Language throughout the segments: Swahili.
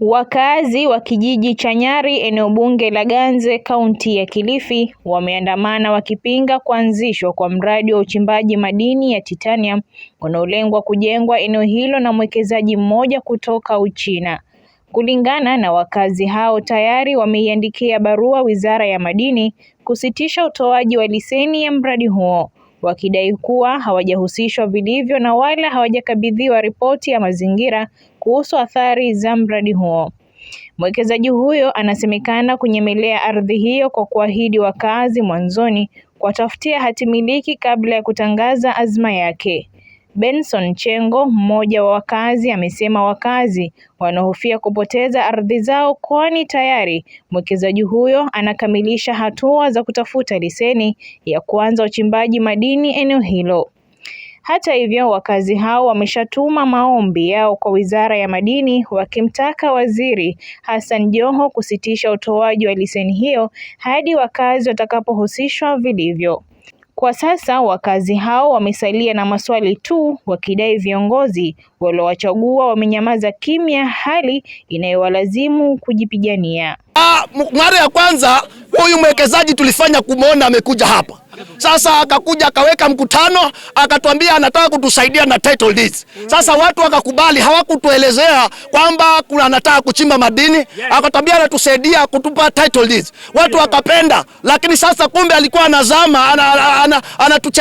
Wakaazi wa kijiji cha Nyari eneo bunge la Ganze kaunti ya Kilifi wameandamana wakipinga kuanzishwa kwa mradi wa uchimbaji madini ya titanium unaolengwa kujengwa eneo hilo na mwekezaji mmoja kutoka Uchina. Kulingana na wakazi hao tayari wameiandikia barua Wizara ya Madini kusitisha utoaji wa leseni ya mradi huo wakidai kuwa hawajahusishwa vilivyo na wala hawajakabidhiwa ripoti ya mazingira kuhusu athari za mradi huo. Mwekezaji huyo anasemekana kunyemelea ardhi hiyo kwa kuahidi wakazi mwanzoni kuwatafutia hati miliki kabla ya kutangaza azma yake. Benson Chengo, mmoja wa wakazi, amesema wakazi wanahofia kupoteza ardhi zao kwani tayari mwekezaji huyo anakamilisha hatua za kutafuta leseni ya kuanza uchimbaji madini eneo hilo. Hata hivyo, wakazi hao wameshatuma maombi yao kwa Wizara ya Madini wakimtaka Waziri Hassan Joho kusitisha utoaji wa leseni hiyo hadi wakazi watakapohusishwa vilivyo. Kwa sasa wakazi hao wamesalia na maswali tu wakidai viongozi waliowachagua wamenyamaza kimya, hali inayowalazimu kujipigania. Ah, mara ya kwanza huyu mwekezaji tulifanya kumwona amekuja hapa sasa akakuja akaweka mkutano akatuambia anataka kutusaidia na title deeds. Sasa watu wakakubali, hawakutuelezea kwamba kuna anataka kuchimba madini, akatuambia anatusaidia kutupa title deeds. Watu wakapenda, lakini sasa kumbe alikuwa anazama anatuchezea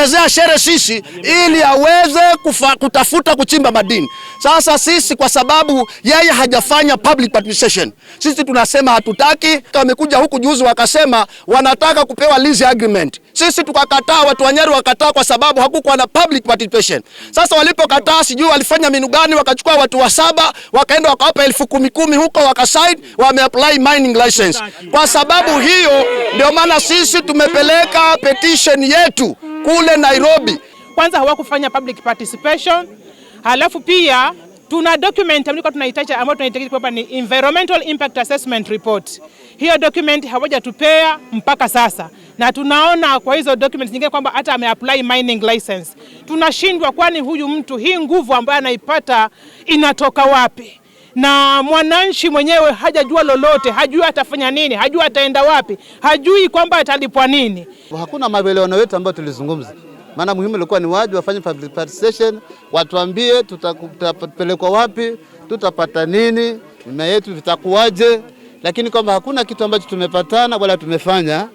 ana, ana, ana shere sisi ili aweze kufa, kutafuta kuchimba madini. Sasa sisi kwa sababu yeye hajafanya public participation, sisi tunasema hatutaki. Wamekuja huku juzi wakasema wanataka kupewa lease agreement sisi tukakataa, watu wa Nyeri wakataa kwa sababu hakukuwa na public participation. Sasa walipokataa, sijui walifanya minu gani, wakachukua watu wa saba wakaenda wakawapa elfu kumi kumi huko, wakasaid wameapply mining license. Kwa sababu hiyo ndio maana sisi tumepeleka petition yetu kule Nairobi. Kwanza hawakufanya public participation, halafu pia tuna document ambayo tunahitaji ambayo tunahitaji kwamba ni environmental impact assessment report. Hiyo document hawajatupea mpaka sasa na tunaona kwa hizo documents nyingine kwamba hata ameapply mining license. Tunashindwa, kwani huyu mtu hii nguvu ambayo anaipata inatoka wapi? na mwananchi mwenyewe hajajua lolote, hajui atafanya nini, hajui ataenda wapi, hajui kwamba atalipwa nini. Hakuna maelewano yetu ambayo tulizungumza, maana muhimu ilikuwa ni waje wafanye public participation, watuambie tutapelekwa wapi, tutapata nini, mimea yetu vitakuwaje, lakini kwamba hakuna kitu ambacho tumepatana wala tumefanya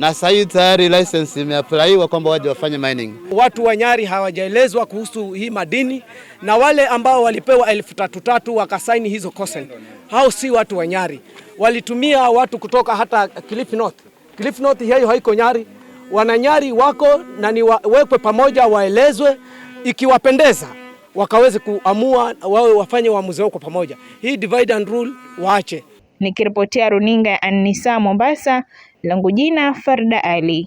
na sasa tayari license imeapplyiwa kwamba waje wafanye mining. Watu wa Nyari hawajaelezwa kuhusu hii madini, na wale ambao walipewa elfu tatu tatu wakasaini hizo consent, hao si watu wa Nyari, walitumia watu kutoka hata Cliff North. Cliff North hiyo haiko Nyari. Wananyari wako na ni wekwe pamoja, waelezwe, ikiwapendeza wakaweze kuamua wawe wafanye uamuzi wao kwa pamoja. Hii divide and rule waache. Nikiripotia runinga ya Anisa Mombasa, langu jina Farda Ali.